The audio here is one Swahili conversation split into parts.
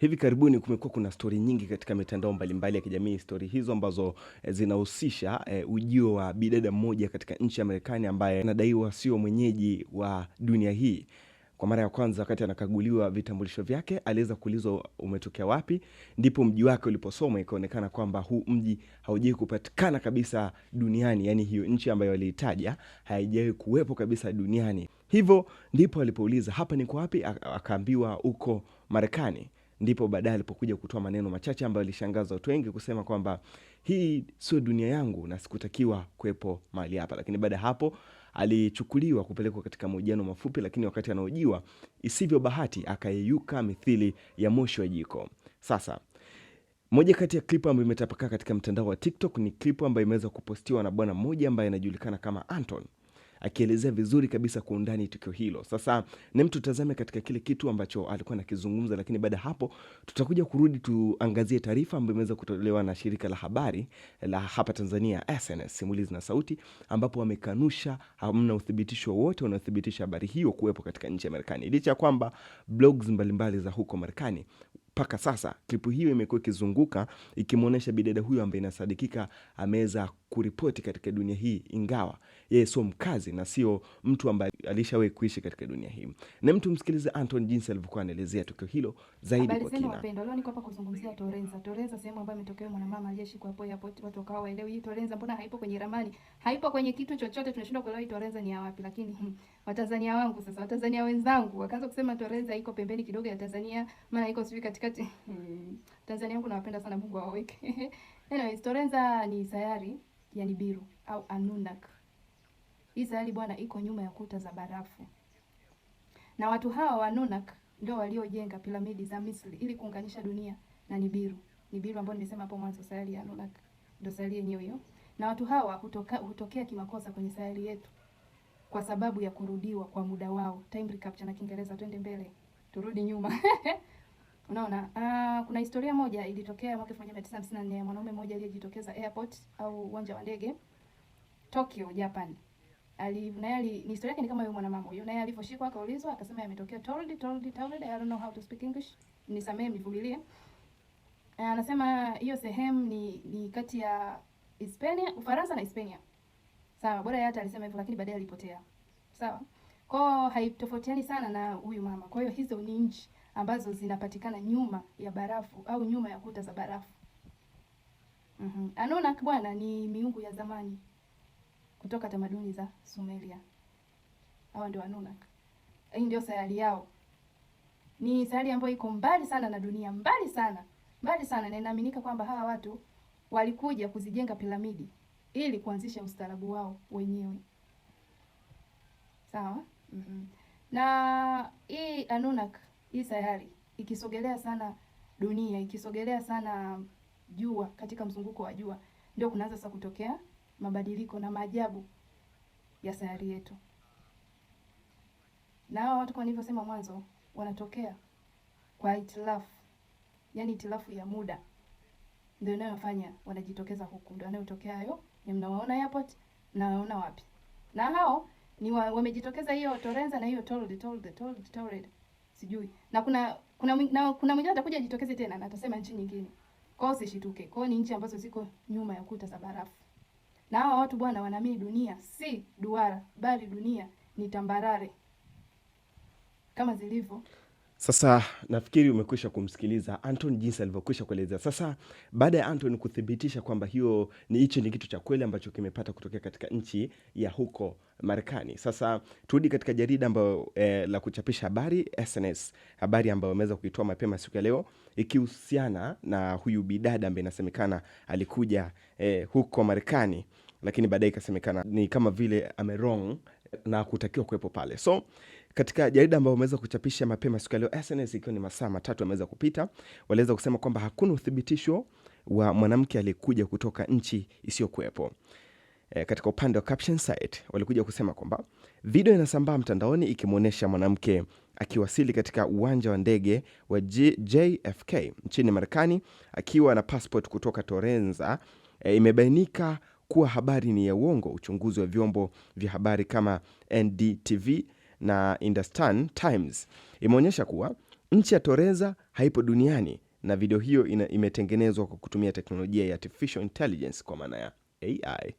Hivi karibuni kumekuwa kuna stori nyingi katika mitandao mbalimbali ya kijamii, stori hizo ambazo eh, zinahusisha e, ujio wa bidada mmoja katika nchi ya Marekani ambaye anadaiwa sio mwenyeji wa dunia hii. Kwa mara ya kwanza wakati anakaguliwa vitambulisho vyake, aliweza kuulizwa umetokea wapi, ndipo mji wake uliposoma, ikaonekana kwamba huu mji haujawahi kupatikana kabisa duniani. Yaani hiyo nchi ambayo aliitaja haijawai kuwepo kabisa duniani. Hivyo ndipo alipouliza hapa niko wapi, akaambiwa uko Marekani ndipo baadaye alipokuja kutoa maneno machache ambayo alishangaza watu wengi kusema kwamba hii sio dunia yangu na sikutakiwa kuwepo mahali hapa. Lakini baada ya hapo alichukuliwa kupelekwa katika mahojiano mafupi, lakini wakati anaojiwa isivyo bahati, akayeyuka mithili ya moshi wa jiko. Sasa moja kati ya klipu ambayo imetapakaa katika mtandao wa TikTok ni klipu ambayo imeweza kupostiwa na bwana mmoja ambaye anajulikana kama Anton akielezea vizuri kabisa kwa undani tukio hilo. Sasa ni mtu tazame katika kile kitu ambacho alikuwa anakizungumza, lakini baada hapo tutakuja kurudi tuangazie taarifa ambayo imeweza kutolewa na shirika la habari la hapa Tanzania SNS Simulizi na Sauti, ambapo wamekanusha, hamna uthibitisho wowote unaothibitisha habari hiyo kuwepo katika nchi ya Marekani, licha ya kwamba blogs mbalimbali za huko Marekani mpaka sasa klipu hiyo imekuwa ikizunguka ikimwonyesha bidada huyo ambaye inasadikika ameweza kuripoti katika dunia hii, ingawa yeye sio mkazi na sio mtu ambaye alishawahi kuishi katika dunia hii. Na mtu msikilize Anton jinsi alivyokuwa anaelezea tukio hilo zaidi kwa kina. kuzungumzia Torenza. Torenza, sehemu ambayo imetokea hapo hapo, watu waelewi hii Torenza mbona haipo kwenye haipo kwenye kitu chochote, tunashindwa kuelewa hii Torenza ni ya wapi. Lakini hmm, Watanzania wangu sasa, Watanzania wenzangu wakaanza kusema Torenza iko pembeni kidogo ya Tanzania, maana iko sivyo katikati. Hmm, Tanzania wangu nawapenda sana, Mungu awaweke. anyway, Torenza ni sayari ya Nibiru au hii Israeli bwana iko nyuma ya kuta za barafu, na watu hawa wa Anunnak ndio waliojenga piramidi za Misri ili kuunganisha dunia na Nibiru. Nibiru ambayo nimesema hapo mwanzo, sayari ya Anunnak ndio sayari yenyewe hiyo, na watu hawa hutoka, hutokea kimakosa kwenye sayari yetu kwa sababu ya kurudiwa kwa muda wao, time recapture na Kiingereza. Twende mbele, turudi nyuma Unaona, uh, kuna historia moja ilitokea mwaka 1954 ya mwanaume mmoja aliyejitokeza airport au uwanja wa ndege Tokyo, Japan. Ali naye ali ni historia yake ni kama yule mwanamama huyo. Naye aliposhikwa akaulizwa akasema ametokea told told told I don't know how to speak English. Nisamee mvumilie. Ah, anasema hiyo sehemu ni ni kati ya Hispania, Ufaransa na Hispania. Sawa, bora hata alisema hivyo lakini baadaye alipotea. Sawa. Kwao haitofautiani sana na huyu mama. Kwa hiyo hizo ni nchi ambazo zinapatikana nyuma ya barafu au nyuma ya kuta za barafu. Mm -hmm. bwana ni miungu ya zamani kutoka tamaduni za Sumeria. Hawa ndio Anunnaki. Hii ndio sayari yao. Ni sayari ambayo iko mbali sana na dunia, mbali sana, mbali sana, na inaaminika kwamba hawa watu walikuja kuzijenga piramidi ili kuanzisha ustaarabu wao wenyewe. Sawa? Mm -hmm. Na hii Anunnaki hii sayari ikisogelea sana dunia, ikisogelea sana jua, katika mzunguko wa jua, ndio kunaanza sasa kutokea mabadiliko na maajabu ya sayari yetu. Na hawa watu, kwa nilivyosema mwanzo, wanatokea kwa itilafu, yani itilafu ya muda ndio inayofanya wanajitokeza huku, ndio anayotokea hayo ni mnawaona airport na wapi, na hao ni wa, wamejitokeza hiyo torenza na hiyo torrid, torrid, torrid, torrid sijui na kuna kuna na, kuna mwingine atakuja ajitokeze tena na atasema nchi nyingine. Kwa hiyo usishituke. Kwa hiyo ni nchi ambazo ziko nyuma ya kuta za barafu. Na hawa watu bwana, wanaamini dunia si duara, bali dunia ni tambarare kama zilivyo sasa nafikiri umekwisha kumsikiliza Anton jinsi alivyokwisha kuelezea. Sasa baada ya Anton kuthibitisha kwamba hiyo ni hicho ni kitu cha kweli ambacho kimepata kutokea katika nchi ya huko Marekani. Sasa turudi katika jarida ambayo eh, la kuchapisha habari SNS, habari ambayo wameweza kuitoa mapema siku ya leo ikihusiana na huyu bidada ambaye inasemekana alikuja eh, huko Marekani, lakini baadaye ikasemekana ni kama vile amerong na kutakiwa kuwepo pale so katika jarida ambayo wameweza kuchapisha mapema siku ya leo SNS, ikiwa ni masaa matatu yameweza kupita, waliweza kusema kwamba hakuna uthibitisho wa mwanamke aliyekuja kutoka nchi isiyokuwepo. E, katika upande wa caption site walikuja kusema kwamba video inasambaa mtandaoni ikimwonyesha mwanamke akiwasili katika uwanja wa ndege wa JFK nchini Marekani akiwa na passport kutoka Torenza. E, imebainika kuwa habari ni ya uongo. Uchunguzi wa vyombo vya habari kama NDTV na Hindustan Times imeonyesha kuwa nchi ya Toreza haipo duniani na video hiyo ina, imetengenezwa kwa kutumia teknolojia ya artificial intelligence kwa maana ya AI.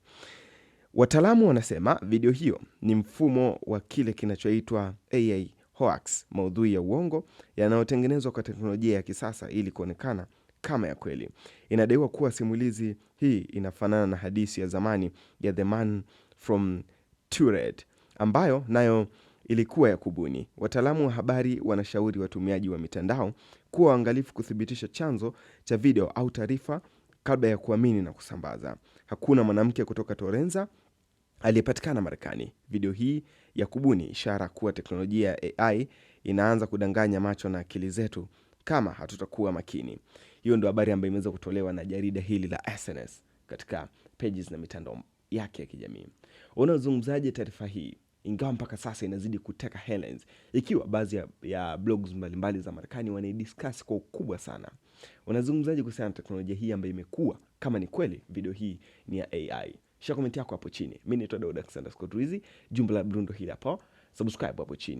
Wataalamu wanasema video hiyo ni mfumo wa kile kinachoitwa AI hoax, maudhui ya uongo yanayotengenezwa kwa teknolojia ya kisasa ili kuonekana kama ya kweli. Inadaiwa kuwa simulizi hii inafanana na hadithi ya zamani ya The Man from Tured ambayo nayo ilikuwa ya kubuni. Wataalamu wa habari wanashauri watumiaji wa mitandao kuwa waangalifu kuthibitisha chanzo cha video au taarifa kabla ya kuamini na kusambaza. Hakuna mwanamke kutoka Torenza aliyepatikana Marekani. Video hii ya kubuni, ishara kuwa teknolojia ya AI inaanza kudanganya macho na akili zetu kama hatutakuwa makini. Hiyo ndio habari ambayo imeweza kutolewa na jarida hili la SNS katika pages na mitandao yake ya kijamii. Unazungumzaje taarifa hii? ingawa mpaka sasa inazidi kuteka headlines, ikiwa baadhi ya, ya blogs mbalimbali za Marekani wanaidiscuss kwa ukubwa sana. Wanazungumzaji kuhusiana na teknolojia hii ambayo imekuwa kama ni kweli video hii ni ya AI? Shia komenti yako hapo chini. Mi naitwa Daud Alexander jumba la brundo hili hapo, subscribe hapo chini.